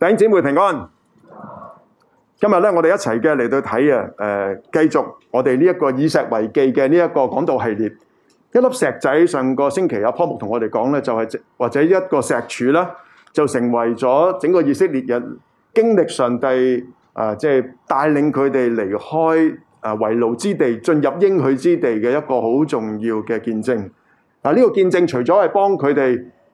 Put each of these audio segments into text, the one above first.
弟兄姐妹平安，今日咧我哋一齊嘅嚟到睇啊，誒、呃，繼續我哋呢一個以石為記嘅呢一個講道系列。一粒石仔，上個星期阿坡木同我哋講咧，就係、是、或者一個石柱啦，就成為咗整個以色列人經歷上帝啊，即、呃、係、就是、帶領佢哋離開啊為奴之地，進入應許之地嘅一個好重要嘅見證。嗱、呃，呢、這個見證除咗係幫佢哋。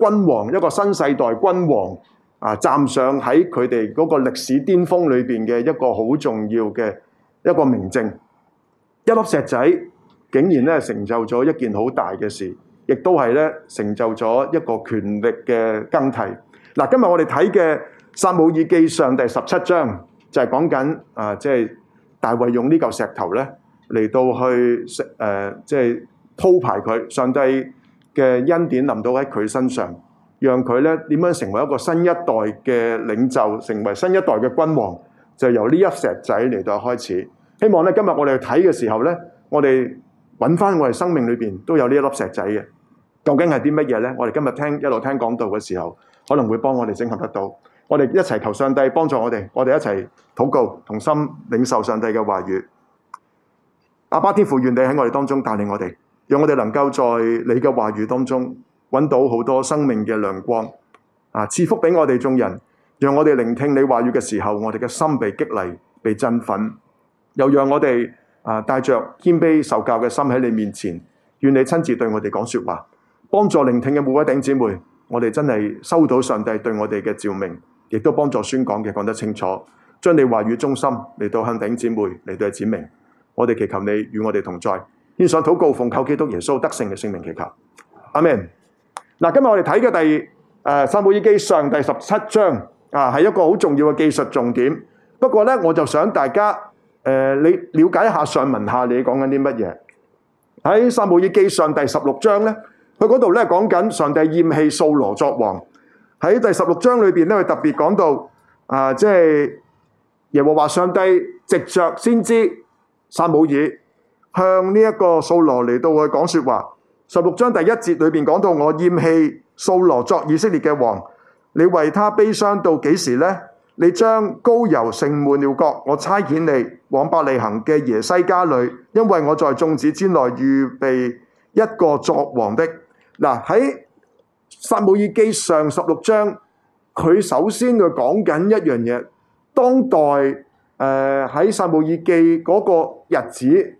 君王一個新世代君王啊，站上喺佢哋嗰個歷史巔峰裏邊嘅一個好重要嘅一個明證，一粒石仔竟然咧成就咗一件好大嘅事，亦都係咧成就咗一個權力嘅更替。嗱，今日我哋睇嘅撒母耳記上第十七章就係講緊啊，即係大衛用呢嚿石頭咧嚟到去誒，即係鋪排佢上帝。嘅恩典臨到喺佢身上，讓佢咧點樣成為一個新一代嘅領袖，成為新一代嘅君王，就由呢一石仔嚟到開始。希望咧今日我哋去睇嘅時候咧，我哋揾翻我哋生命裏邊都有呢一粒石仔嘅，究竟係啲乜嘢咧？我哋今日聽一路聽講道嘅時候，可能會幫我哋整合得到。我哋一齊求上帝幫助我哋，我哋一齊禱告，同心領受上帝嘅話語。阿爸天父，願你喺我哋當中帶領我哋。讓我哋能夠在你嘅話語當中揾到好多生命嘅亮光，啊賜福俾我哋眾人，讓我哋聆聽你話語嘅時候，我哋嘅心被激勵、被振奮，又讓我哋啊帶着謙卑受教嘅心喺你面前，願你親自對我哋講說話，幫助聆聽嘅每位弟兄姊妹，我哋真係收到上帝對我哋嘅照明，亦都幫助宣講嘅講得清楚，將你話語中心嚟到向弟兄姊妹嚟到指明，我哋祈求你與我哋同在。獻上禱告奉靠基督耶穌得勝嘅聖名祈求，阿門。嗱，今日我哋睇嘅第誒，《撒母耳記上》第十七章啊，係一個好重要嘅技術重點。不過咧，我就想大家誒，你了解一下上文下，你講緊啲乜嘢？喺《撒母耳記上》第十六章咧，佢嗰度咧講緊上帝厭棄掃羅作王。喺第十六章裏邊咧，佢特別講到啊，即係耶和華上帝藉着先知撒母耳。向呢一個掃羅嚟到去講說話，十六章第一節裏邊講到我厭棄掃羅作以色列嘅王，你為他悲傷到幾時呢？你將高油盛滿了國，我差遣你往伯利恒嘅耶西家裏，因為我在眾子之內預備一個作王的。嗱喺撒母耳記上十六章，佢首先佢講緊一樣嘢，當代誒喺撒母耳記嗰個日子。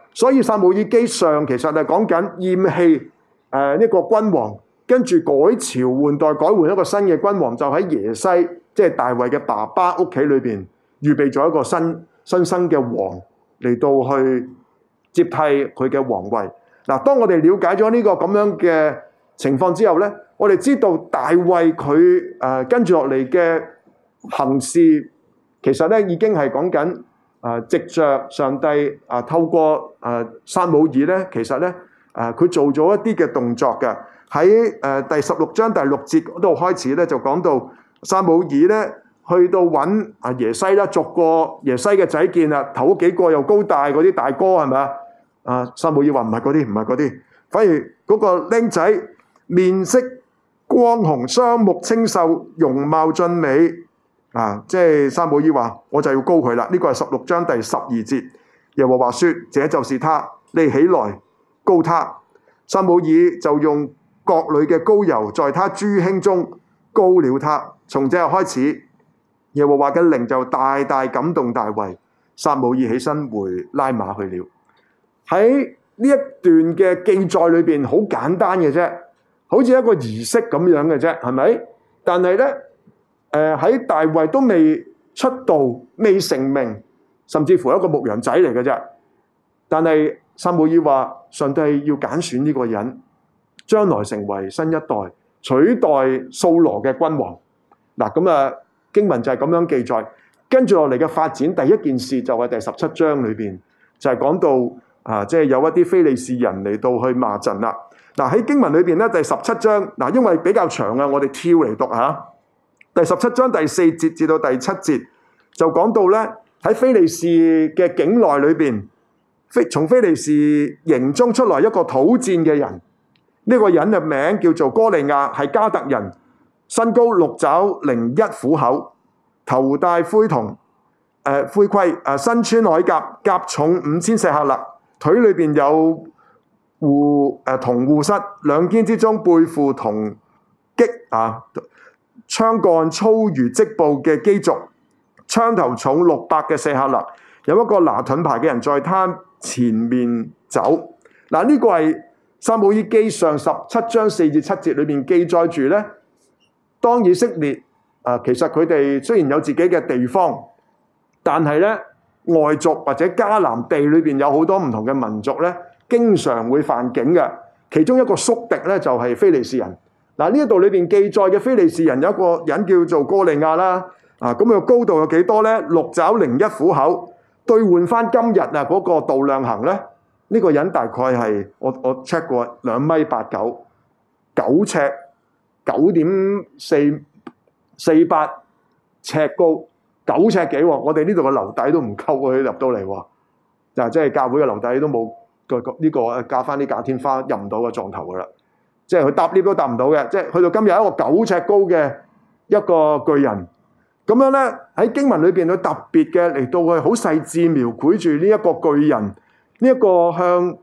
所以撒母耳記上其實係講緊厭棄誒呢個君王，跟住改朝換代，改換一個新嘅君王，就喺耶西，即係大衛嘅爸爸屋企裏邊，預備咗一個新新生嘅王嚟到去接替佢嘅皇位。嗱，當我哋了解咗呢個咁樣嘅情況之後咧，我哋知道大衛佢誒跟住落嚟嘅行事，其實咧已經係講緊。啊！藉著上帝啊，透過啊撒母耳咧，其實呢，啊，佢做咗一啲嘅動作嘅。喺誒、啊、第十六章第六節嗰度開始呢，就講到撒母耳呢，去到揾啊耶西啦、啊，逐個耶西嘅仔見啦，頭嗰幾個又高大嗰啲大哥係咪啊？啊撒母耳話唔係嗰啲，唔係嗰啲，反而嗰個僆仔面色光紅，雙目清秀，容貌俊美。啊！即係撒母耳話，我就要膏佢啦。呢、這個係十六章第十二節，耶和華說：這就是他，你起來膏他。撒母耳就用角裡嘅膏油在他諸兄中膏了他。從這日開始，耶和華嘅靈就大大感動大衛。撒母耳起身回拉馬去了。喺呢一段嘅記載裏面，好簡單嘅啫，好似一個儀式咁樣嘅啫，係咪？但係呢。誒，喺大衛都未出道、未成名，甚至乎一個牧羊仔嚟嘅啫。但係撒母耳話，上帝要揀選呢個人，將來成為新一代取代掃羅嘅君王。嗱，咁啊經文就係咁樣記載。跟住落嚟嘅發展，第一件事就係第十七章裏邊就係講到啊，即係有一啲非利士人嚟到去罵陣啦。嗱，喺經文裏邊咧，第十七章嗱，因為比較長啊，我哋跳嚟讀吓。第十七章第四節至到第七節就講到呢喺菲利士嘅境內裏邊，非從非利士營中出來一個討戰嘅人，呢、呢個人嘅名叫做歌利亞，係迦特人，身高六肘零一虎口，頭戴灰銅誒、呃、灰盔，誒身穿鎧甲，甲重五千舍客勒，腿裏邊有護誒銅、啊、護膝，兩肩之中背負銅戟啊，槍杆粗如織布嘅機軸，槍頭重六百嘅舍客勒，有一個拿盾牌嘅人在他前面走。嗱、啊，呢、這個係《撒母耳記》上十七章四至七節裏面記載住呢。當以色列啊、呃，其實佢哋雖然有自己嘅地方，但係呢外族或者迦南地裏面有好多唔同嘅民族呢，經常會犯境嘅。其中一個宿敵呢，就係非利士人。嗱，呢度、啊、裏面記載嘅菲利士人，有一個人叫做哥利亞啦，啊、咁、啊、佢、這個、高度有幾多咧？六爪零一虎口，兌換翻今日啊嗰、那個度量衡咧，呢、這個人大概係我我 check 過兩米八九，九尺九點四四八尺高，九尺幾、哦，我哋呢度嘅樓底都唔夠佢入到嚟，嗱、啊，即、就、係、是、教會嘅樓底都冇、這個呢個加翻啲假天花入唔到個撞頭噶啦。即係佢搭 lift 都搭唔到嘅，即係去到今日一個九尺高嘅一個巨人，咁樣咧，喺經文裏邊佢特別嘅嚟到去好細緻描繪住呢一個巨人，呢一個向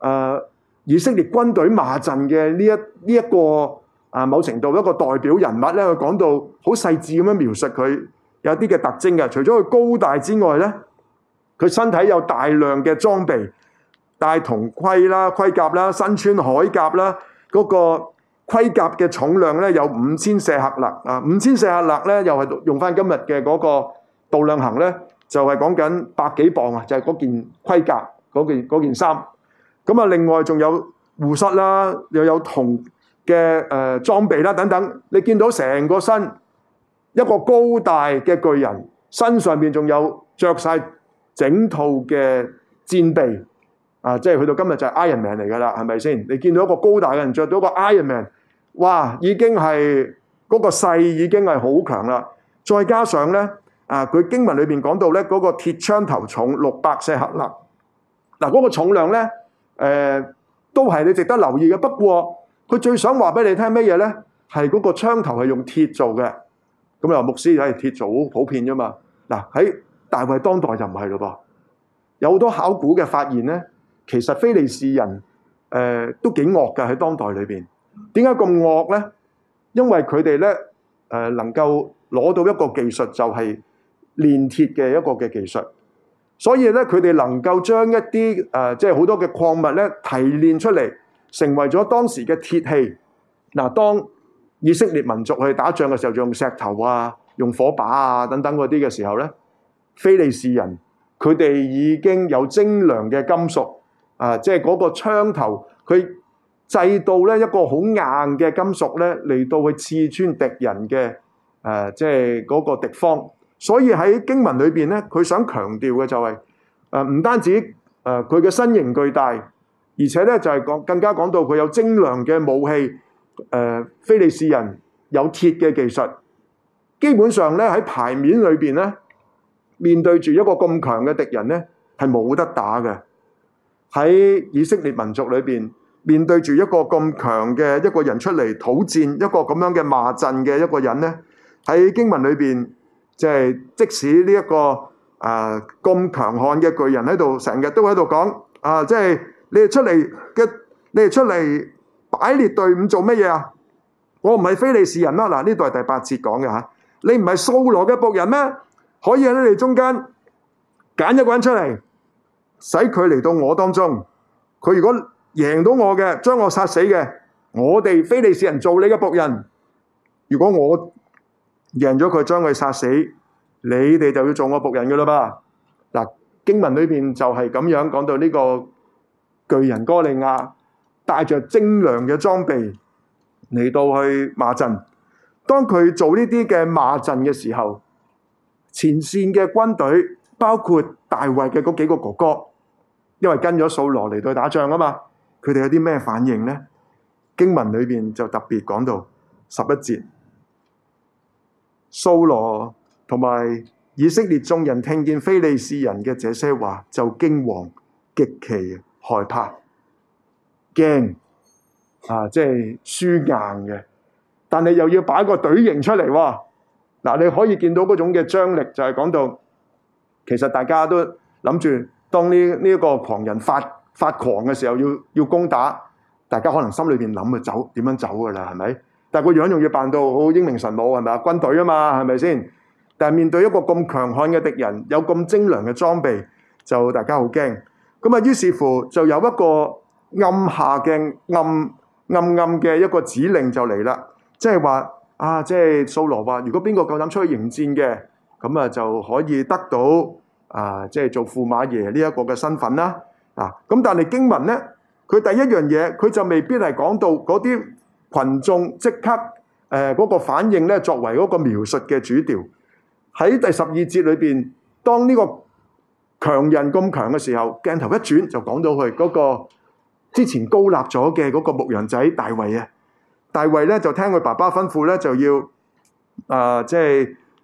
誒以色列軍隊罵陣嘅呢一呢一個啊某程度一個代表人物咧，佢講到好細緻咁樣描述佢有啲嘅特徵嘅，除咗佢高大之外咧，佢身體有大量嘅裝備，戴銅盔啦、盔甲啦、身穿鎧甲啦。嗰個盔甲嘅重量咧有五千舍客勒。啊！五千舍客勒咧又係用翻今日嘅嗰個度量衡咧，就係講緊百幾磅啊！就係、是、嗰件盔甲嗰件嗰件衫。咁啊，另外仲有護膝啦，又有銅嘅誒裝備啦等等。你見到成個身一個高大嘅巨人，身上邊仲有着晒整套嘅戰備。啊！即係去到今日就係 Iron Man 嚟噶啦，係咪先？你見到一個高大嘅人着到個 Iron Man，哇！已經係嗰、那個勢已經係好強啦。再加上咧，啊佢經文裏邊講到咧嗰、那個鐵槍頭重六百舍客勒。嗱、那、嗰個重量咧，誒、呃、都係你值得留意嘅。不過佢最想話俾你聽乜嘢咧？係嗰個槍頭係用鐵做嘅。咁、哎、啊，牧師睇嚟鐵做好普遍啫嘛。嗱喺大衞當代就唔係咯噃。有好多考古嘅發現咧。其實非利士人，誒，都幾惡㗎，喺當代裏邊。點解咁惡咧？因為佢哋咧，誒，能夠攞到一個技術，就係煉鐵嘅一個嘅技術，所以咧，佢哋能夠將一啲，誒，即係好多嘅礦物咧提煉出嚟，成為咗當時嘅鐵器。嗱，當以色列民族去打仗嘅時候，用石頭啊、用火把啊等等嗰啲嘅時候咧，非利士人佢哋已經有精良嘅金屬。啊！即係嗰個槍頭，佢製到咧一個好硬嘅金屬咧，嚟到去刺穿敵人嘅誒，即係嗰個敵方。所以喺經文裏邊咧，佢想強調嘅就係誒唔單止誒佢嘅身形巨大，而且咧就係、是、講更加講到佢有精良嘅武器。誒、呃，非利士人有鐵嘅技術，基本上咧喺牌面裏邊咧，面對住一個咁強嘅敵人咧，係冇得打嘅。喺以色列民族裏邊，面對住一個咁強嘅一個人出嚟討戰，一個咁樣嘅罵陣嘅一個人咧，喺經文裏邊，即係即使呢一個誒咁強悍嘅巨人喺度，成日都喺度講啊，即係你哋出嚟嘅，你哋出嚟擺列隊伍做乜嘢啊？我唔係非利士人咩？嗱，呢度係第八節講嘅吓，你唔係掃羅嘅僕人咩？可以喺你哋中間揀一個人出嚟。使佢嚟到我當中，佢如果贏到我嘅，將我殺死嘅，我哋非利士人做你嘅僕人。如果我贏咗佢，將佢殺死，你哋就要做我僕人㗎喇嘛。嗱，經文裡面就係咁樣講到呢個巨人哥利亞，帶着精良嘅裝備嚟到去罵陣。當佢做呢啲嘅罵陣嘅時候，前線嘅軍隊。包括大衛嘅嗰幾個哥哥，因為跟咗掃羅嚟到打仗啊嘛，佢哋有啲咩反應呢？經文裏邊就特別講到十一節，掃羅同埋以色列眾人聽見非利士人嘅這些話就驚，就驚惶，極其害怕，驚啊！即係輸硬嘅，但係又要擺個隊形出嚟喎。嗱，你可以見到嗰種嘅張力，就係講到。其實大家都諗住，當呢呢個狂人發發狂嘅時候要，要攻打，大家可能心裏面諗住走，點樣走噶啦，係咪？但係佢又扮很容易扮到好英明神武，係咪啊？軍隊啊嘛，係咪先？但係面對一個咁強悍嘅敵人，有咁精良嘅裝備，就大家好驚。咁啊，於是乎就有一個暗下嘅暗，暗暗暗嘅一個指令就嚟啦。即係話啊，即係掃羅話，如果邊個夠膽出去迎戰嘅？咁啊就可以得到，呃就是，啊，即係做駙馬爺呢一個嘅身份啦。嗱，咁但係經文咧，佢第一樣嘢，佢就未必係講到嗰啲群眾即刻誒嗰，呃嗰個反應咧，作為嗰個描述嘅主調。喺第十二節裏邊，當呢個強人咁強嘅時候，鏡頭一轉就講到佢嗰，嗰個之前膏立咗嘅嗰個牧羊仔大衛啊。大衛咧就聽佢爸爸吩咐咧，就要啊即係。呃就是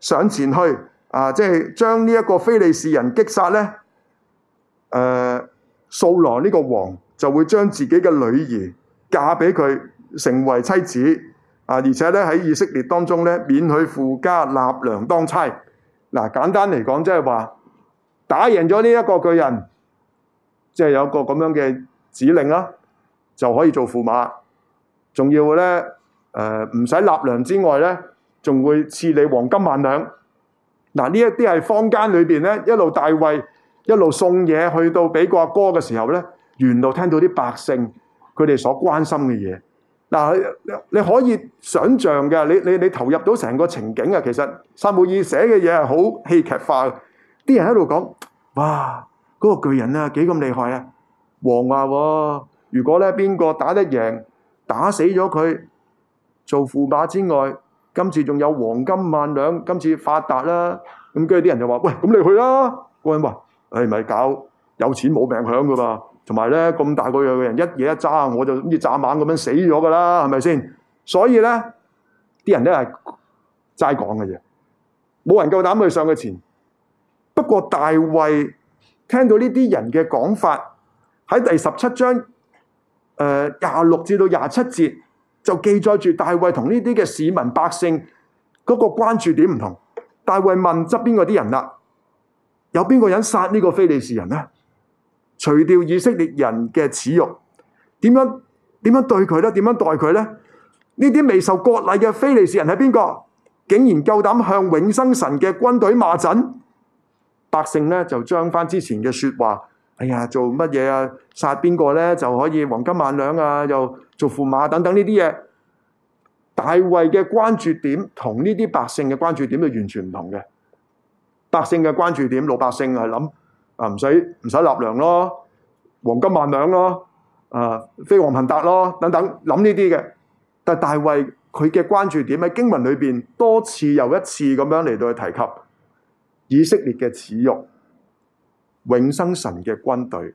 上前去，啊，即係將呢一個非利士人擊殺咧，誒、呃，掃羅呢個王就會將自己嘅女兒嫁俾佢，成為妻子，啊，而且咧喺以色列當中咧免去父家納糧當差。嗱、啊，簡單嚟講，即係話打贏咗呢一個巨人，即、就、係、是、有個咁樣嘅指令啦、啊，就可以做駙馬。仲要咧，誒、呃，唔使納糧之外咧。仲會賜你黃金萬兩。嗱，呢一啲係坊間裏邊咧，一路大衛，一路送嘢去到俾個阿哥嘅時候咧，沿路聽到啲百姓佢哋所關心嘅嘢。嗱，你可以想像嘅，你你你投入到成個情景啊，其實撒母耳寫嘅嘢係好戲劇化嘅。啲人喺度講：哇，嗰個巨人啊，幾咁厲害啊！王話：如果咧邊個打得贏，打死咗佢，做駙馬之外，今次仲有黃金萬兩，今次發達啦，咁跟住啲人就話：喂，咁你去啦！嗰人話：，你、哎、咪搞有錢冇命享噶嘛？同埋咧，咁大個樣嘅人一嘢一揸，我就好似蚱蜢咁樣死咗噶啦，係咪先？所以咧，啲人都係齋講嘅嘢，冇人夠膽去上佢前。不過，大衛聽到呢啲人嘅講法，喺第十七章，誒、呃、廿六至到廿七節。就記載住大衛同呢啲嘅市民百姓嗰個關注點唔同。大衛問側邊嗰啲人啦，有邊個人殺呢個非利士人呢？除掉以色列人嘅恥辱，點樣點樣對佢咧？點樣待佢呢？呢啲未受割禮嘅非利士人係邊個？竟然夠膽向永生神嘅軍隊罵陣？百姓咧就將翻之前嘅說話，哎呀做乜嘢啊？殺邊個呢？就可以黃金萬兩啊？又。做駙馬等等呢啲嘢，大衛嘅關注點同呢啲百姓嘅關注點係完全唔同嘅。百姓嘅關注點，老百姓係諗啊，唔使唔使納糧咯，黃金萬兩咯，啊，飛黃騰達咯，等等諗呢啲嘅。但大衛佢嘅關注點喺經文裏邊多次又一次咁樣嚟到去提及以色列嘅恥辱、永生神嘅軍隊，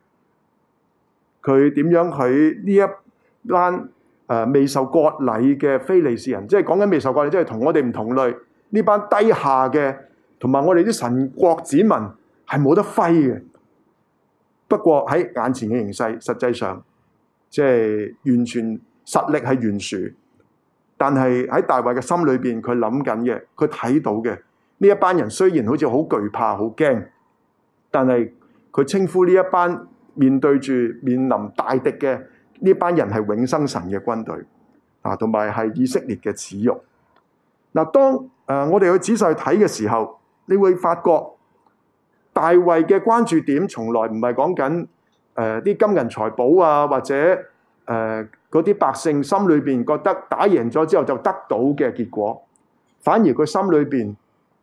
佢點樣喺呢一？班、呃、未受割禮嘅非利士人，即係講緊未受割禮，即係同我哋唔同類。呢班低下嘅，同埋我哋啲神國子民係冇得揮嘅。不過喺眼前嘅形勢，實際上即係、就是、完全實力係懸殊。但係喺大衛嘅心裏邊，佢諗緊嘅，佢睇到嘅呢一班人雖然好似好懼怕、好驚，但係佢稱呼呢一班面對住面臨大敵嘅。呢班人係永生神嘅軍隊啊，同埋係以色列嘅恥辱。嗱，當、呃、誒我哋去仔細睇嘅時候，你會發覺大衛嘅關注點從來唔係講緊誒啲金銀財寶啊，或者誒嗰啲百姓心裏邊覺得打贏咗之後就得到嘅結果，反而佢心裏邊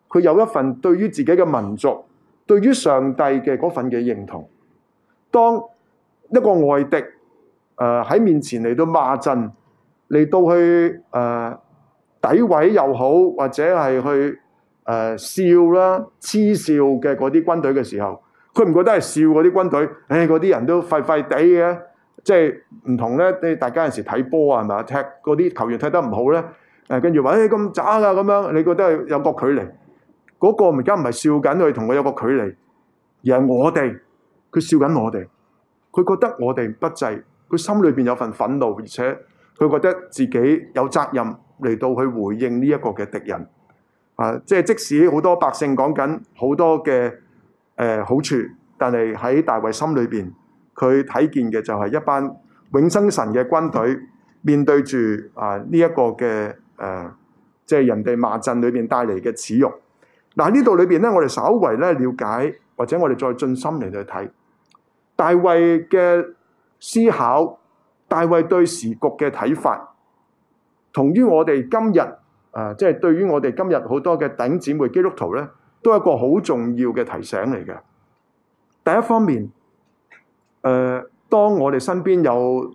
佢有一份對於自己嘅民族、對於上帝嘅嗰份嘅認同。當一個外敵。誒喺、呃、面前嚟到罵陣，嚟到去誒詆毀又好，或者係去誒、呃、笑啦、黐笑嘅嗰啲軍隊嘅時候，佢唔覺得係笑嗰啲軍隊，誒嗰啲人都廢廢地嘅，即係唔同咧。你大家有時睇波啊，係咪？踢嗰啲球員踢得唔好咧，誒跟住話誒咁渣啊咁樣，你覺得有個距離？嗰、那個而家唔係笑緊，佢同我有個距離，而係我哋佢笑緊我哋，佢覺得我哋不濟。佢心裏邊有份憤怒，而且佢覺得自己有責任嚟到去回應呢一個嘅敵人。啊，即係即使好多百姓講緊好多嘅誒、呃、好處，但係喺大衛心裏邊，佢睇見嘅就係一班永生神嘅軍隊面對住啊呢一、這個嘅誒，即、啊、係、就是、人哋罵陣裏邊帶嚟嘅恥辱。嗱呢度裏邊咧，我哋稍為咧瞭解，或者我哋再進心嚟去睇大衛嘅。思考大衛對時局嘅睇法，同於我哋今日，誒，即係對於我哋今日好多嘅弟兄姊妹基督徒咧，都係一個好重要嘅提醒嚟嘅。第一方面，誒，當我哋身邊有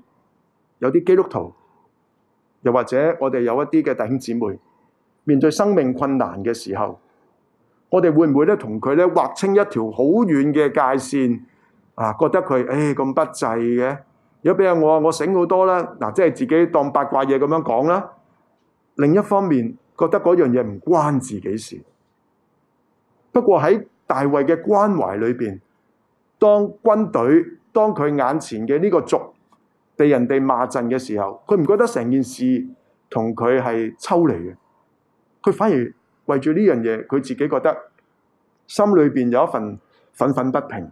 有啲基督徒，又或者我哋有一啲嘅弟兄姊妹面對生命困難嘅時候，我哋會唔會咧同佢咧劃清一條好遠嘅界線？啊，覺得佢誒咁不濟嘅，如果俾人我，我醒好多啦。嗱，啊，即係自己當八卦嘢咁樣講啦。另一方面，覺得嗰樣嘢唔關自己事。不過喺大衛嘅關懷裏邊，當軍隊當佢眼前嘅呢個族被人哋罵陣嘅時候，佢唔覺得成件事同佢係抽離嘅，佢反而為住呢樣嘢，佢自己覺得心裏邊有一份憤憤不平。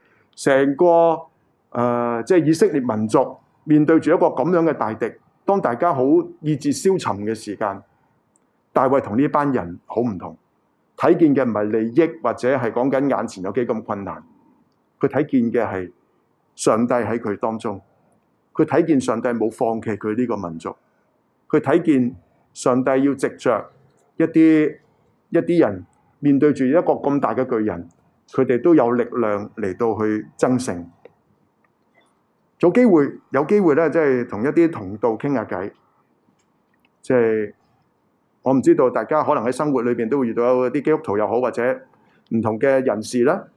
成個誒，即係、呃、就是、以色列民族面對住一個咁樣嘅大敵，當大家好意志消沉嘅時間，大衛同呢班人好唔同。睇見嘅唔係利益，或者係講緊眼前有幾咁困難。佢睇見嘅係上帝喺佢當中，佢睇見上帝冇放棄佢呢個民族。佢睇見上帝要直着一啲一啲人面對住一個咁大嘅巨人。佢哋都有力量嚟到去增城，早有機會有機會咧，即係同一啲同道傾下偈，即係我唔知道大家可能喺生活裏邊都會遇到有啲基督徒又好，或者唔同嘅人士啦，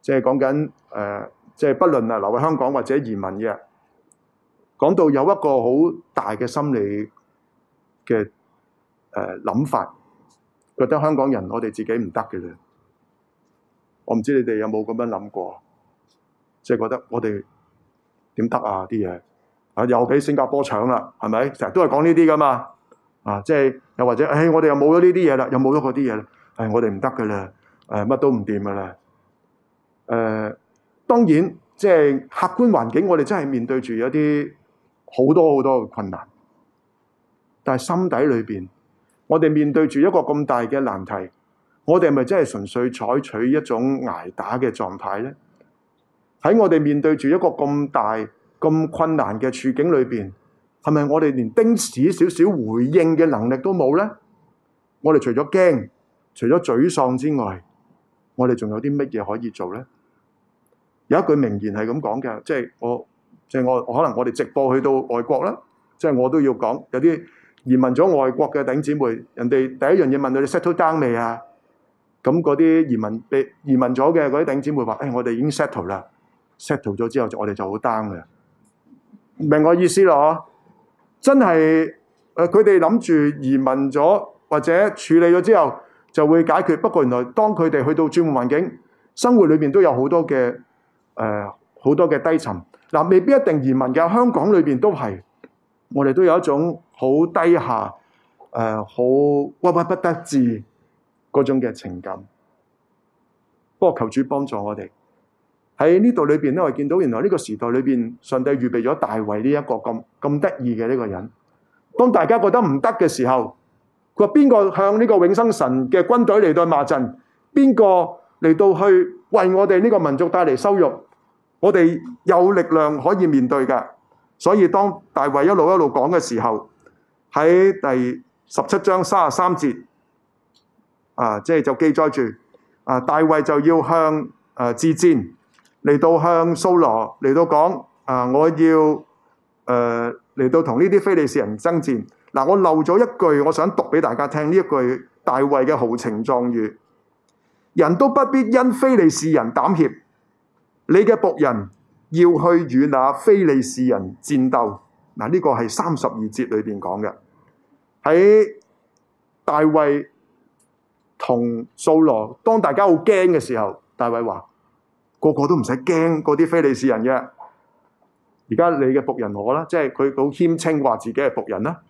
即係講緊誒，即係不論啊留喺香港或者移民嘅，講到有一個好大嘅心理嘅誒諗法，覺得香港人我哋自己唔得嘅啦。我唔知你哋有冇咁樣諗過，即係覺得我哋點得啊啲嘢啊，又俾新加坡搶啦，係咪？成日都係講呢啲噶嘛啊！即係又或者，唉，我哋又冇咗呢啲嘢啦，又冇咗嗰啲嘢啦，唉，我哋唔得噶啦，唉，乜都唔掂噶啦。誒，當然，即係客觀環境，我哋真係面對住一啲好多好多嘅困難。但係心底裏面，我哋面對住一個咁大嘅難題。我哋係咪真係純粹採取一種捱打嘅狀態呢？喺我哋面對住一個咁大、咁困難嘅處境裏邊，係咪我哋連丁屎少少回應嘅能力都冇呢？我哋除咗驚、除咗沮喪之外，我哋仲有啲乜嘢可以做呢？有一句名言係咁講嘅，即係我即係我可能我哋直播去到外國啦，即係我都要講有啲移民咗外國嘅弟兄姊妹，人哋第一樣嘢問你 settle down 未啊？咁嗰啲移民被移民咗嘅嗰啲頂姐妹話：誒、哎，我哋已經 settle 啦，settle 咗之後，就我哋就好 down 嘅，明我意思咯？真係誒，佢哋諗住移民咗或者處理咗之後就會解決，不過原來當佢哋去到轉換環境，生活裏面都有好多嘅誒，好、呃、多嘅低沉。嗱、呃，未必一定移民嘅香港裏邊都係我哋都有一種好低下誒，好、呃、屈屈不得志。嗰種嘅情感，不過求主幫助我哋喺呢度裏邊咧，我見到原來呢個時代裏面，上帝預備咗大衛呢一個咁咁得意嘅呢個人。當大家覺得唔得嘅時候，佢話邊個向呢個永生神嘅軍隊嚟到罵陣？邊個嚟到去為我哋呢個民族帶嚟羞辱？我哋有力量可以面對嘅。所以當大衛一路一路講嘅時候，喺第十七章三十三節。啊，即係就記載住，啊，大衛就要向啊，之、呃、戰嚟到向蘇羅嚟到講，啊，我要誒嚟、呃、到同呢啲非利士人爭戰。嗱、啊，我漏咗一句，我想讀俾大家聽呢一句大衛嘅豪情壯語。人都不必因非利士人膽怯，你嘅僕人要去與那非利士人戰鬥。嗱、啊，呢、這個係三十二節裏邊講嘅喺大衛同掃羅，當大家好驚嘅時候，大衛話：個個都唔使驚嗰啲非利士人嘅。而家你嘅僕人我啦，即係佢好謙稱話自己係僕人啦。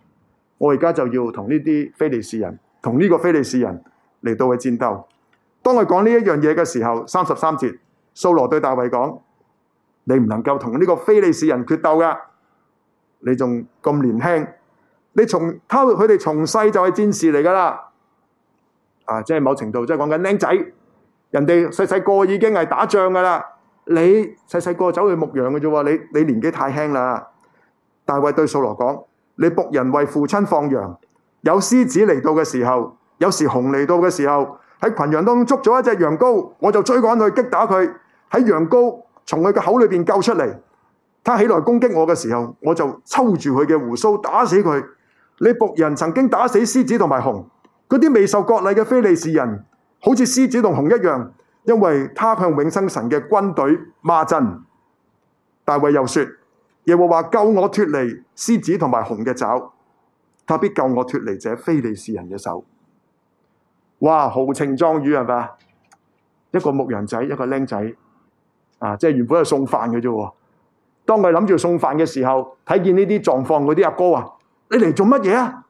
我而家就要同呢啲非利士人，同呢個非利士人嚟到去戰鬥。當佢講呢一樣嘢嘅時候，三十三節，掃羅對大衛講：你唔能夠同呢個非利士人決鬥噶，你仲咁年輕，你從他佢哋從細就係戰士嚟噶啦。啊！即係某程度，即係講緊僆仔，人哋細細個已經係打仗噶啦。你細細個走去牧羊嘅啫喎，你你年紀太輕啦。大衛對掃羅講：你僕人為父親放羊，有獅子嚟到嘅時候，有時熊嚟到嘅時候，喺群羊當中捉咗一隻羊羔，我就追趕佢，擊打佢，喺羊羔從佢嘅口裏邊救出嚟。他起來攻擊我嘅時候，我就抽住佢嘅胡鬚打死佢。你僕人曾經打死獅子同埋熊。嗰啲未受割禮嘅非利士人，好似獅子同熊一樣，因為他向永生神嘅軍隊罵陣。大衛又說：耶和華救我脱離獅子同埋熊嘅爪，他必救我脱離這非利士人嘅手。哇！豪情壯語係咪？一個牧人仔，一個僆仔，啊，即係原本係送飯嘅啫。當佢諗住送飯嘅時候，睇見呢啲狀況，嗰啲阿哥話：你嚟做乜嘢啊？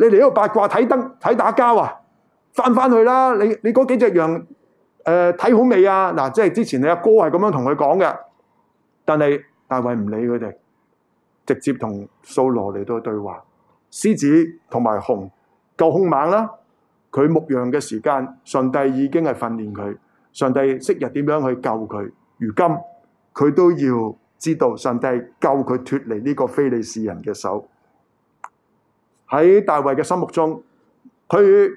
你嚟呢個八卦睇燈睇打交啊，翻翻去啦！你你嗰幾隻羊誒睇、呃、好未啊？嗱，即係之前你阿哥係咁樣同佢講嘅，但係大衛唔理佢哋，直接同掃羅嚟到對話。獅子同埋熊夠兇猛啦，佢牧羊嘅時間，上帝已經係訓練佢，上帝昔日點樣去救佢。如今佢都要知道，上帝救佢脫離呢個非利士人嘅手。喺大衛嘅心目中，佢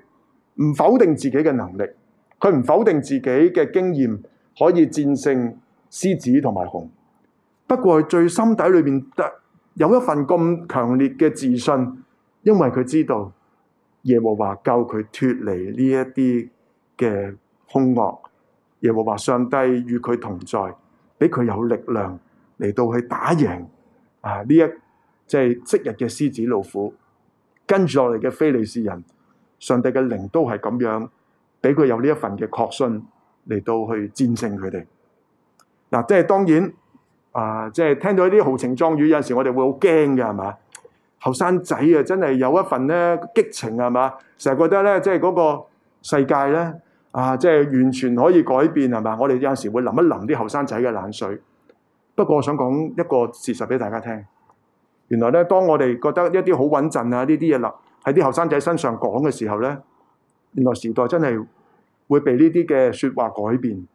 唔否定自己嘅能力，佢唔否定自己嘅經驗可以戰勝獅子同埋熊。不過最心底裏邊得有一份咁強烈嘅自信，因為佢知道耶和華救佢脫離呢一啲嘅凶惡。耶和華上帝與佢同在，俾佢有力量嚟到去打贏啊呢一即係昔日嘅獅子老虎。跟住落嚟嘅非利士人，上帝嘅靈都係咁樣，俾佢有呢一份嘅確信嚟到去戰勝佢哋。嗱，即係當然啊，即係聽到一啲豪情壯語，有陣時我哋會好驚嘅係嘛，後生仔啊，真係有一份咧激情啊嘛，成日覺得咧，即係嗰個世界咧啊，即係完全可以改變係嘛，我哋有陣時會淋一淋啲後生仔嘅冷水。不過我想講一個事實俾大家聽。原來咧，當我哋覺得一啲好穩陣啊呢啲嘢啦，喺啲後生仔身上講嘅時候咧，原來時代真係會被呢啲嘅說話改變。誒、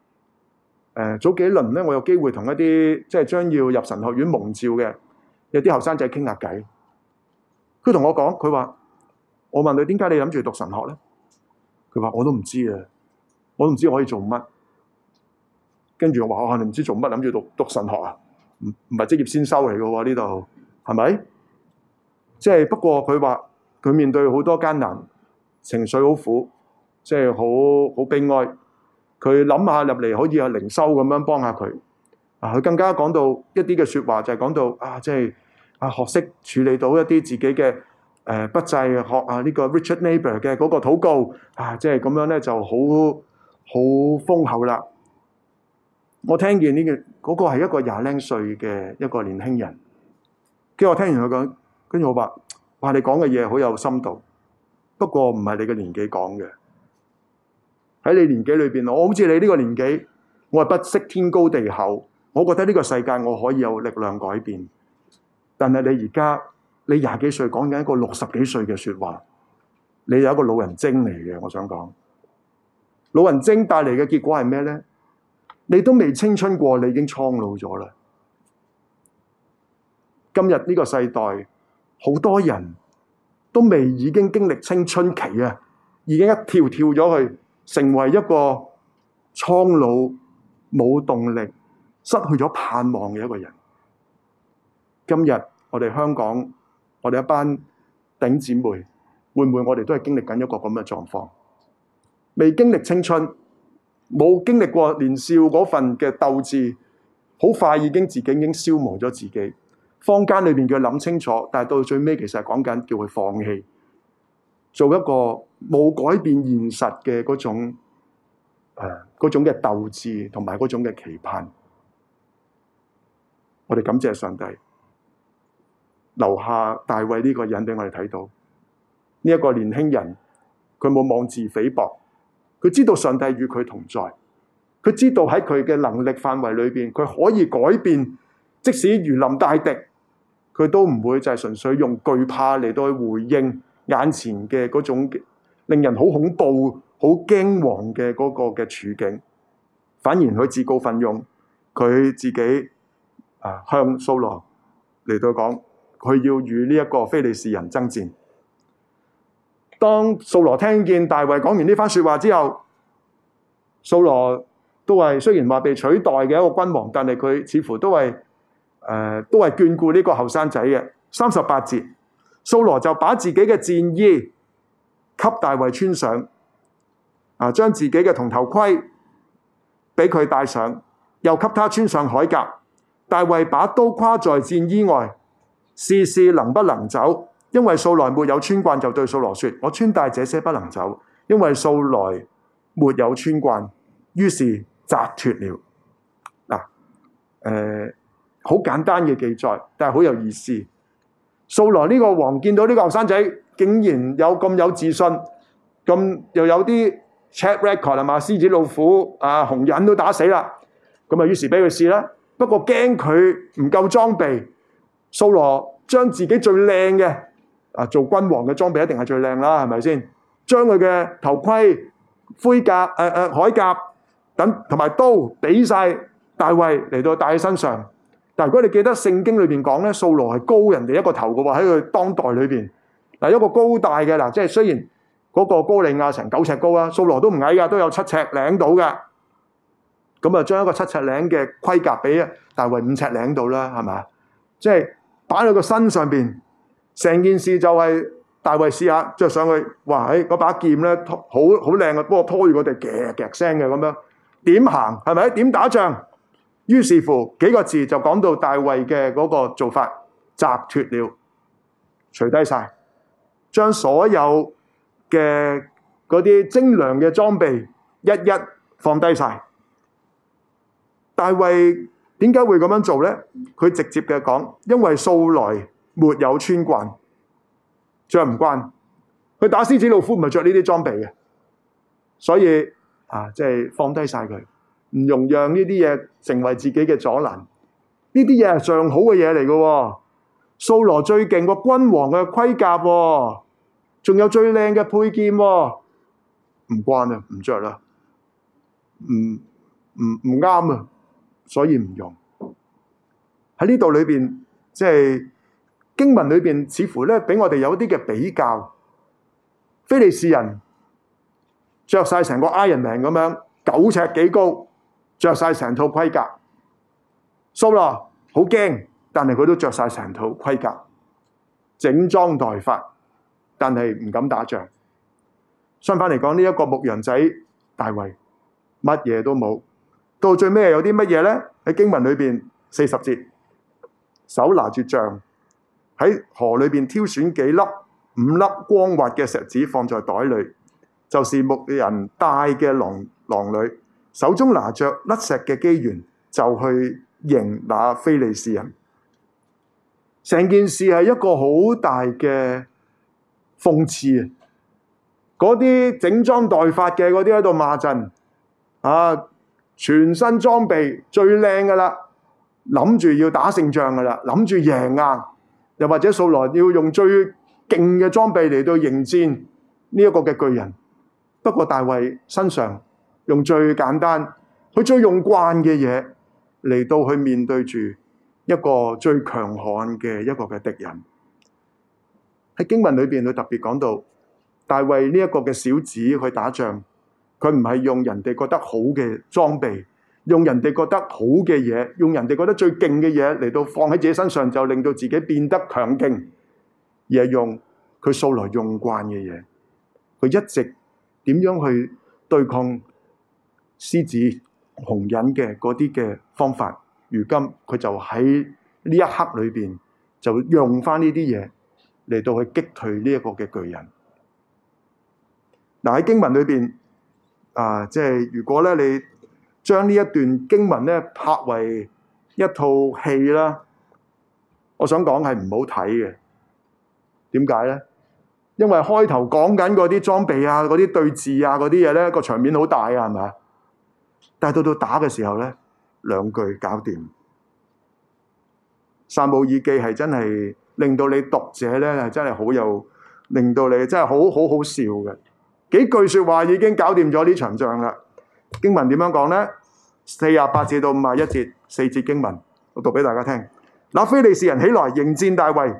呃，早幾輪咧，我有機會同一啲即係將要入神學院蒙召嘅有啲後生仔傾下偈。佢同我講，佢話，我問佢點解你諗住讀神學咧？佢話我都唔知啊，我都唔知，我都唔知我可以做乜。跟住我話，我唔知做乜諗住讀讀神學啊？唔唔係職業先修嚟嘅喎呢度。係咪？即係不過佢話佢面對好多艱難，情緒好苦，即係好好悲哀。佢諗下入嚟可以有靈修咁樣幫下佢。啊，佢更加講到一啲嘅說話就係講到啊，即係啊、就是、學識處理到一啲自己嘅誒不濟學啊呢個 Richard Neighbour 嘅嗰個禱告啊，即係咁樣咧就好好豐厚啦。我聽見呢、這個嗰個係一個廿零歲嘅一個年輕人。跟住我聽完佢講，跟住我話：哇！說你講嘅嘢，好有深度，不過唔係你嘅年紀講嘅。喺你年紀裏邊，我好似你呢個年紀，我係不識天高地厚。我覺得呢個世界我可以有力量改變，但係你而家你廿幾歲講緊一個六十幾歲嘅說話，你有一個老人精嚟嘅。我想講，老人精帶嚟嘅結果係咩呢？你都未青春過，你已經蒼老咗啦。今日呢個世代，好多人都未已經經歷青春期啊，已經一跳跳咗去成為一個蒼老、冇動力、失去咗盼望嘅一個人。今日我哋香港，我哋一班頂姊妹，會唔會我哋都係經歷緊一個咁嘅狀況？未經歷青春，冇經歷過年少嗰份嘅鬥志，好快已經自己已經消磨咗自己。坊間裏面，佢諗清楚，但係到最尾其實講緊叫佢放棄，做一個冇改變現實嘅嗰種誒、嗰種嘅鬥志同埋嗰種嘅期盼。我哋感謝上帝留下大衛呢個人俾我哋睇到呢一個年輕人，佢冇妄自菲薄，佢知道上帝與佢同在，佢知道喺佢嘅能力範圍裏邊，佢可以改變，即使如臨大敵。佢都唔會就係純粹用懼怕嚟到去回應眼前嘅嗰種令人好恐怖、好驚惶嘅嗰個嘅處境，反而佢自告奮勇，佢自己啊向掃羅嚟到講，佢要與呢一個非利士人爭戰。當掃羅聽見大衛講完呢番説話之後，掃羅都係雖然話被取代嘅一個君王，但係佢似乎都係。誒、呃，都係眷顧呢個後生仔嘅。三十八節，掃羅就把自己嘅戰衣給大衛穿上，啊，將自己嘅銅頭盔俾佢戴上，又給他穿上鎧甲。大衛把刀跨在戰衣外，試試能不能走，因為素來沒有穿慣，就對掃羅說：我穿戴這些不能走，因為素來沒有穿慣。於是摘脱了。嗱、呃，誒、呃。好簡單嘅記載，但係好有意思。掃羅呢個王見到呢個後生仔竟然有咁有自信，咁又有啲 check record 係嘛？獅子、老虎、啊紅人都打死啦，咁啊於是俾佢試啦。不過驚佢唔夠裝備，掃羅將自己最靚嘅啊做君王嘅裝備一定係最靚啦，係咪先？將佢嘅頭盔、盔甲、誒誒鎧甲等同埋刀俾曬大衛嚟到戴喺身上。嗱，但如果你記得聖經裏面講咧，掃羅係高人哋一個頭嘅喎，喺佢當代裏邊，嗱一個高大嘅嗱，即係雖然嗰個歌利亞成九尺高啦，掃羅都唔矮噶，都有七尺領到嘅，咁啊將一個七尺領嘅盔甲俾大衛五尺領到啦，係咪？即係擺喺佢個身上邊，成件事就係大衛試下著上去，哇！嗰、哎、把劍咧好好靚嘅，不過拖住佢哋夾夾聲嘅咁樣，點行係咪？點打仗？於是乎，幾個字就講到大衛嘅嗰個做法，摘脱了，除低晒，將所有嘅嗰啲精良嘅裝備一一放低晒。大衛點解會咁樣做呢？佢直接嘅講，因為素來沒有穿慣，着唔慣。佢打獅子老虎唔係着呢啲裝備嘅，所以啊，即係放低晒佢。唔容讓呢啲嘢成為自己嘅阻攔，呢啲嘢係上好嘅嘢嚟嘅。掃羅最勁個君王嘅盔甲，哦，仲有最靚嘅配件，唔關啦，唔着啦，唔唔唔啱啊，所以唔用。喺呢度裏邊，即係經文裏邊，似乎咧俾我哋有啲嘅比較，非利士人着晒成個 Iron Man 咁樣，九尺幾高。着曬成套盔甲，掃羅，好驚，但係佢都着曬成套盔甲，整裝待發，但係唔敢打仗。相反嚟講，呢、這、一個牧羊仔大衛，乜嘢都冇。到最尾有啲乜嘢咧？喺經文裏邊四十節，手拿住杖，喺河裏邊挑選幾粒五粒光滑嘅石子，放在袋裏，就是牧人帶嘅囊，囊裡。手中拿着甩石嘅機緣，就去迎那非利士人。成件事係一個好大嘅諷刺。嗰啲整裝待發嘅嗰啲喺度罵陣，啊，全身裝備最靚噶啦，諗住要打勝仗噶啦，諗住贏硬，啊，又或者掃羅要用最勁嘅裝備嚟到迎戰呢一個嘅巨人。不過大衛身上。用最簡單佢最用慣嘅嘢，嚟到去面對住一個最強悍嘅一個嘅敵人。喺經文裏邊，佢特別講到大衛呢一個嘅小子去打仗，佢唔係用人哋覺得好嘅裝備，用人哋覺得好嘅嘢，用人哋覺得最勁嘅嘢嚟到放喺自己身上，就令到自己變得強勁。而係用佢素來用慣嘅嘢，佢一直點樣去對抗。獅子雄忍嘅嗰啲嘅方法，如今佢就喺呢一刻裏邊就用翻呢啲嘢嚟到去擊退呢一個嘅巨人。嗱，喺經文裏邊，啊，即係如果咧你將呢一段經文咧拍為一套戲啦，我想講係唔好睇嘅。點解咧？因為開頭講緊嗰啲裝備啊、嗰啲對峙啊、嗰啲嘢咧，個場面好大啊，係咪？但係到到打嘅時候咧，兩句搞掂。撒母耳記係真係令到你讀者咧係真係好有，令到你真係好好好笑嘅。幾句說話已經搞掂咗呢場仗啦。經文點樣講咧？四十八節到五十一節，四節經文，我讀俾大家聽。那非利士人起來迎戰大衛，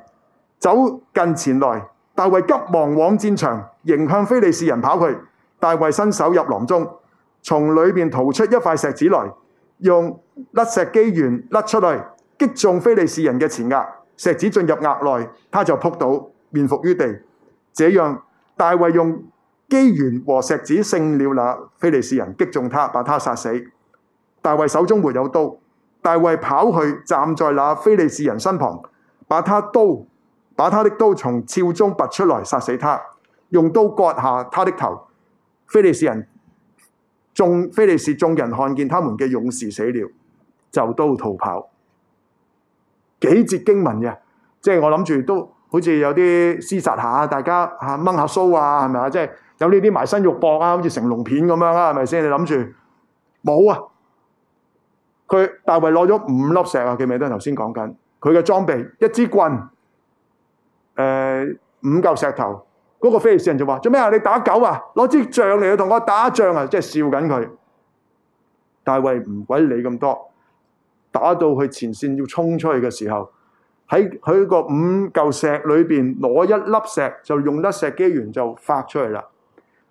走近前來，大衛急忙往戰場迎向非利士人跑去，大衛伸手入囊中。從裏面掏出一塊石子來，用甩石機緣甩出來，擊中非利士人嘅前額，石子進入額內，他就撲倒，面伏於地。這樣大衛用機緣和石子勝了那非利士人，擊中他，把他殺死。大衛手中沒有刀，大衛跑去站在那非利士人身旁，把他刀把他的刀從鞘中拔出來，殺死他，用刀割下他的頭。非利士人。眾非利士眾人看見他們嘅勇士死了，就都逃跑。幾節經文嘅，即係我諗住都好似有啲廝殺下，大家吓掹下鬚啊，係咪啊？即係有呢啲埋身肉搏啊，好似成龍片咁樣啦，係咪先？你諗住冇啊？佢大衛攞咗五粒石啊，記唔記得頭先講緊？佢嘅裝備一支棍，誒、呃，五嚿石頭。嗰個非利士人就話：做咩啊？你打狗啊？攞支杖嚟同我打仗啊！即係笑緊佢。大衛唔鬼理咁多，打到佢前線要衝出去嘅時候，喺佢個五嚿石裏邊攞一粒石，就用得石機完就發出嚟啦。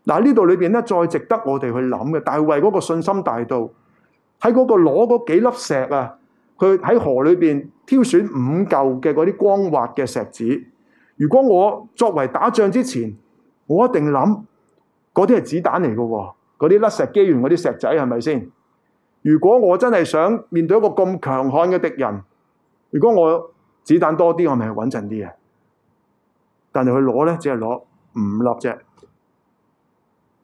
嗱，呢度裏邊咧再值得我哋去諗嘅，大衛嗰個信心大到喺嗰個攞嗰幾粒石啊，佢喺河裏邊挑選五嚿嘅嗰啲光滑嘅石子。如果我作為打仗之前，我一定諗嗰啲係子彈嚟嘅喎，嗰啲甩石機弦嗰啲石仔係咪先？如果我真係想面對一個咁強悍嘅敵人，如果我子彈多啲，我咪係穩陣啲嘅。但係佢攞呢，只係攞五粒啫，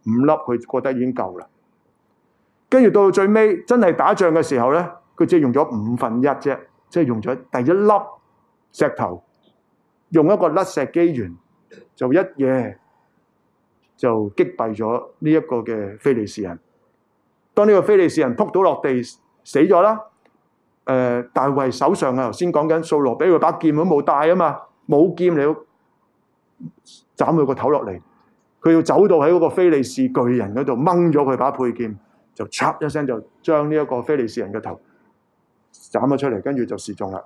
五粒佢覺得已經夠啦。跟住到最尾真係打仗嘅時候呢，佢只係用咗五分一啫，即係用咗第一粒石頭。用一個甩石機員，就一嘢就擊斃咗呢一個嘅非利士人。當呢個非利士人撲到落地死咗啦。誒，大衛手上啊，頭先講緊掃羅，俾佢把劍都冇帶啊嘛，冇劍喇，你要斬佢個頭落嚟。佢要走到喺嗰個非利士巨人嗰度掹咗佢把配劍，就嚓一聲就將呢一個非利士人嘅頭斬咗出嚟，跟住就示眾啦。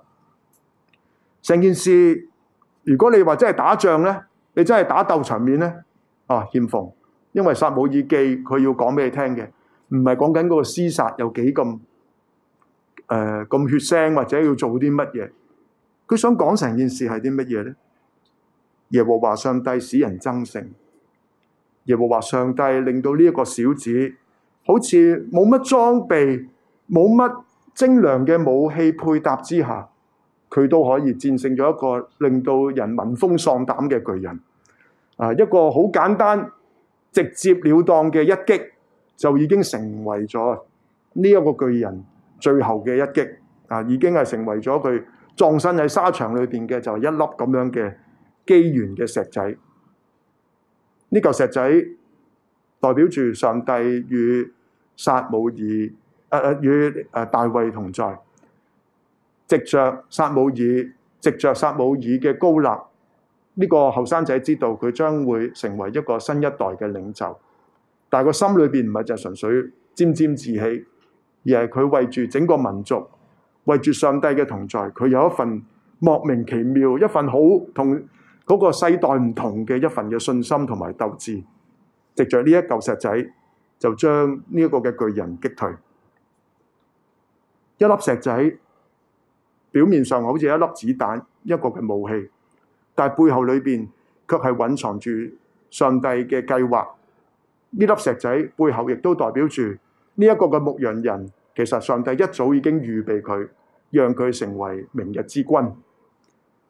成件事。如果你話真係打仗咧，你真係打鬥場面咧，啊欠奉，因為撒母耳記佢要講俾你聽嘅，唔係講緊嗰個廝殺有幾咁誒咁血腥或者要做啲乜嘢，佢想講成件事係啲乜嘢咧？耶和華上帝使人爭勝，耶和華上帝令到呢一個小子好似冇乜裝備，冇乜精良嘅武器配搭之下。佢都可以戰勝咗一個令到人聞風喪膽嘅巨人，啊！一個好簡單、直接了當嘅一擊，就已經成為咗呢一個巨人最後嘅一擊。啊，已經係成為咗佢葬身喺沙場裏邊嘅就一粒咁樣嘅機緣嘅石仔。呢、這、嚿、個、石仔代表住上帝與撒母耳，誒、啊、誒，與誒大衛同在。藉著撒母耳，藉著撒母耳嘅膏立，呢個後生仔知道佢將會成為一個新一代嘅領袖。但係個心裏邊唔係就純粹沾沾自喜，而係佢為住整個民族，為住上帝嘅同在，佢有一份莫名其妙、一份好同嗰個世代唔同嘅一份嘅信心同埋鬥志。藉著呢一嚿石仔，就將呢一個嘅巨人擊退。一粒石仔。表面上好似一粒子彈，一個嘅武器，但背後裏邊卻係隱藏住上帝嘅計劃。呢粒石仔背後亦都代表住呢一個嘅牧羊人，其實上帝一早已經預備佢，讓佢成為明日之君。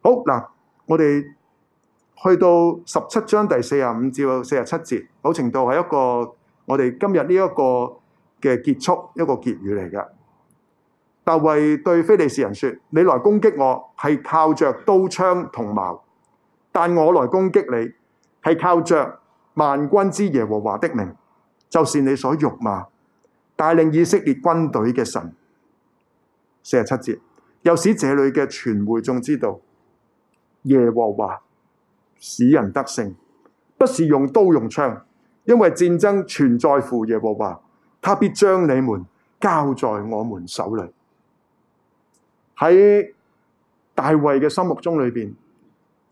好嗱，我哋去到十七章第四十五至四十七節，好程度係一個我哋今日呢一個嘅結束，一個結語嚟嘅。大衛對非利士人說：你來攻擊我，係靠着刀槍同矛；但我來攻擊你，係靠着萬軍之耶和華的名，就是你所辱罵、帶領以色列軍隊嘅神。四十七節又使這裏嘅傳媒眾知道耶和華使人得勝，不是用刀用槍，因為戰爭全在乎耶和華，他必將你們交在我們手裏。喺大衛嘅心目中裏邊，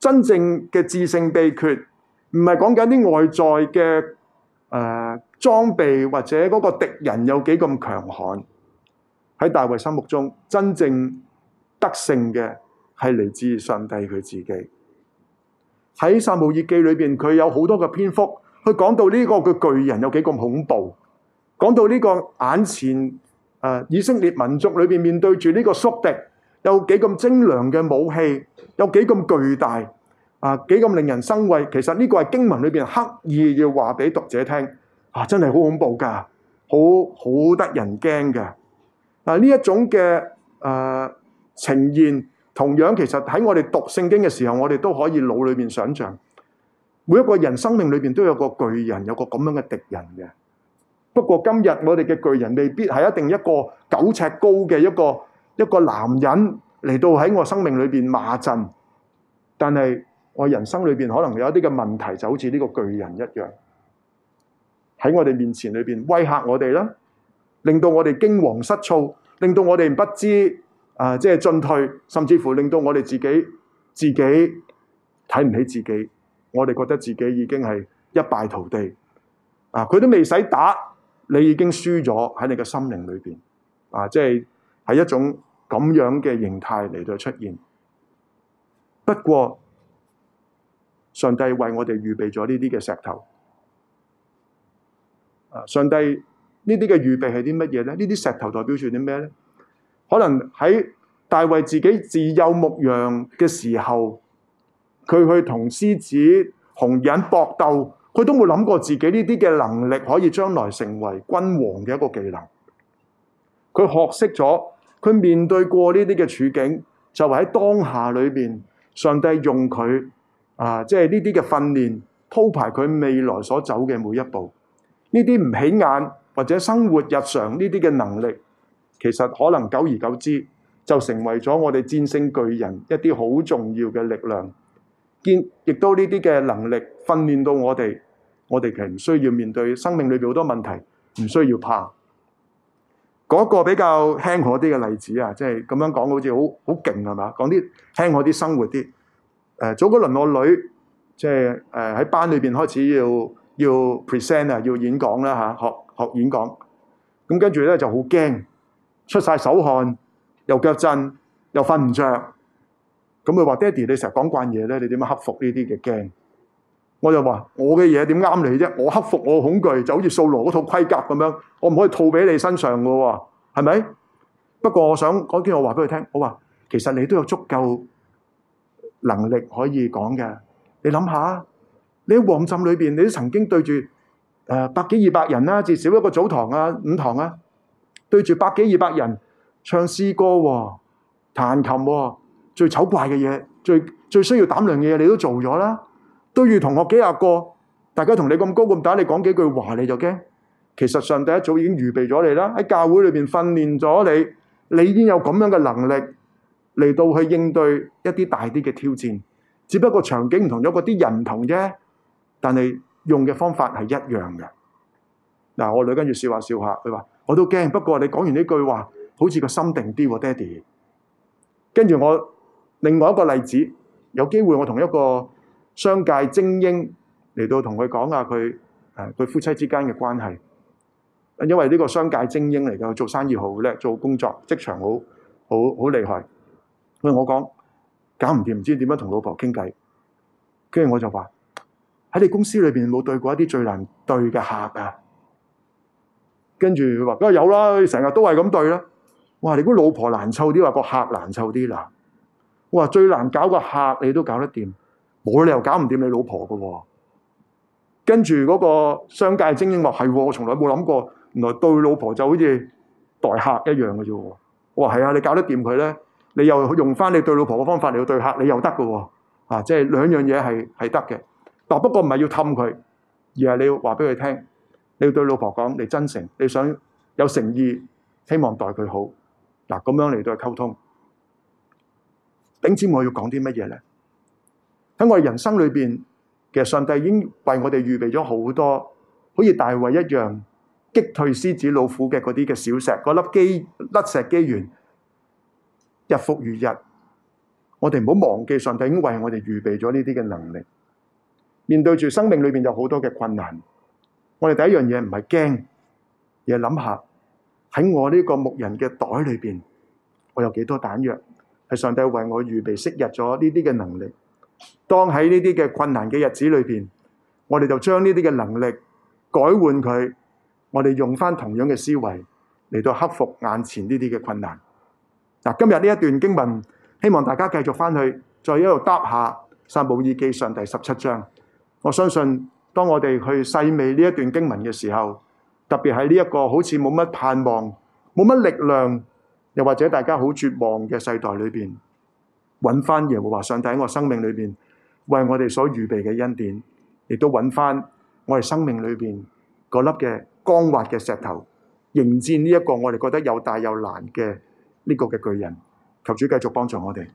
真正嘅智勝秘訣唔係講緊啲外在嘅誒裝備或者嗰個敵人有幾咁強悍。喺大衛心目中，真正得勝嘅係嚟自上帝佢自己。喺撒母耳記裏邊，佢有好多嘅篇幅去講到呢、這個嘅巨人有幾咁恐怖，講到呢個眼前誒、呃、以色列民族裏邊面，面對住呢個宿敵。有幾咁精良嘅武器，有幾咁巨大，啊，幾咁令人生畏。其實呢個係經文裏邊刻意要話俾讀者聽，啊，真係好恐怖㗎，好好得人驚嘅。啊，呢一種嘅誒呈現，同樣其實喺我哋讀聖經嘅時候，我哋都可以腦裏邊想象，每一個人生命裏邊都有個巨人，有個咁樣嘅敵人嘅。不過今日我哋嘅巨人未必係一定一個九尺高嘅一個。一個男人嚟到喺我生命裏邊罵陣，但係我人生裏邊可能有一啲嘅問題，就好似呢個巨人一樣喺我哋面前裏邊威嚇我哋啦，令到我哋驚惶失措，令到我哋不知啊、呃，即係進退，甚至乎令到我哋自己自己睇唔起自己，我哋覺得自己已經係一敗塗地啊！佢都未使打，你已經輸咗喺你嘅心靈裏邊啊！即係係一種。咁樣嘅形態嚟到出現，不過上帝為我哋預備咗呢啲嘅石頭，上帝呢啲嘅預備係啲乜嘢呢？呢啲石頭代表住啲咩呢？可能喺大衛自己自幼牧羊嘅時候，佢去同獅子、紅人搏鬥，佢都冇諗過自己呢啲嘅能力可以將來成為君王嘅一個技能。佢學識咗。佢面對過呢啲嘅處境，就喺當下裏邊，上帝用佢啊，即係呢啲嘅訓練鋪排佢未來所走嘅每一步。呢啲唔起眼或者生活日常呢啲嘅能力，其實可能久而久之就成為咗我哋戰勝巨人一啲好重要嘅力量。見亦都呢啲嘅能力訓練到我哋，我哋其實唔需要面對生命裏邊好多問題，唔需要怕。嗰個比較輕可啲嘅例子啊，即係咁樣講好似好好勁係嘛？講啲輕可啲生活啲。誒、呃、早嗰輪我女即係誒喺班裏邊開始要要 present 啊，要演講啦嚇、啊，學學演講。咁跟住咧就好驚，出晒手汗，又腳震，又瞓唔着。咁佢話：爹哋，你成日講慣嘢咧，你點樣克服呢啲嘅驚？我就話，我嘅嘢點啱你啫？我克服我恐懼，就好似掃羅嗰套盔甲咁樣，我唔可以套俾你身上噶喎，係咪？不過我想講嗰啲我話俾佢聽，我話其實你都有足夠能力可以講嘅。你諗下，你喺旺浸裏邊，你都曾經對住誒、呃、百幾二百人啦，至少一個早堂啊、五堂啊，對住百幾二百人唱詩歌、哦、彈琴、哦，最醜怪嘅嘢、最最需要膽量嘅嘢，你都做咗啦。都要同學幾廿個，大家同你咁高咁大，你講幾句話你就驚。其實上帝一早已經預備咗你啦，喺教會裏邊訓練咗你，你已經有咁樣嘅能力嚟到去應對一啲大啲嘅挑戰。只不過場景唔同咗，嗰啲人唔同啫。但係用嘅方法係一樣嘅。嗱，我女跟住笑下笑下，佢話：我都驚，不過你講完呢句話，好似個心定啲喎，爹哋。跟住我另外一個例子，有機會我同一個。商界精英嚟到同佢講下佢誒佢夫妻之間嘅關係，因為呢個商界精英嚟嘅，做生意好叻，做工作職場好好好厲害。佢同我講搞唔掂，唔知點樣同老婆傾偈。跟住我就話喺你公司裏邊冇對過一啲最難對嘅客啊。跟住佢話：梗係有啦，成日都係咁對啦。我話你估老婆難湊啲，話個客難湊啲啦。我話最難搞個客，你都搞得掂。我你又搞唔掂你老婆嘅、哦？跟住嗰個商界精英話：係、哎、我從來冇諗過，原來對老婆就好似待客一樣嘅啫、哦。我話係啊，你搞得掂佢咧，你又用翻你對老婆嘅方法嚟到對客，你又得嘅、哦。啊，即係兩樣嘢係係得嘅。嗱，但不過唔係要氹佢，而係你要話俾佢聽，你要對老婆講，你真誠，你想有誠意，希望待佢好。嗱、啊，咁樣嚟到去溝通。頂先我要講啲乜嘢咧？喺我人生裏邊，其實上帝已經為我哋預備咗好多，好似大衛一樣擊退獅子、老虎嘅嗰啲嘅小石，嗰粒機甩石機弦，日復如日。我哋唔好忘記上帝已經為我哋預備咗呢啲嘅能力。面對住生命裏邊有好多嘅困難，我哋第一樣嘢唔係驚，而係諗下喺我呢個牧人嘅袋裏邊，我有幾多彈藥係上帝為我預備、釋入咗呢啲嘅能力。當喺呢啲嘅困難嘅日子裏邊，我哋就將呢啲嘅能力改換佢，我哋用翻同樣嘅思維嚟到克服眼前呢啲嘅困難。嗱，今日呢一段經文，希望大家繼續翻去再一路搭下《撒母耳記》上第十七章。我相信，當我哋去細味呢一段經文嘅時候，特別喺呢一個好似冇乜盼望、冇乜力量，又或者大家好絕望嘅世代裏邊。搵翻耶和華上帝喺我生命裏邊為我哋所預備嘅恩典，亦都搵翻我哋生命裏邊嗰粒嘅光滑嘅石頭，迎戰呢一個我哋覺得又大又難嘅呢個嘅巨人。求主繼續幫助我哋。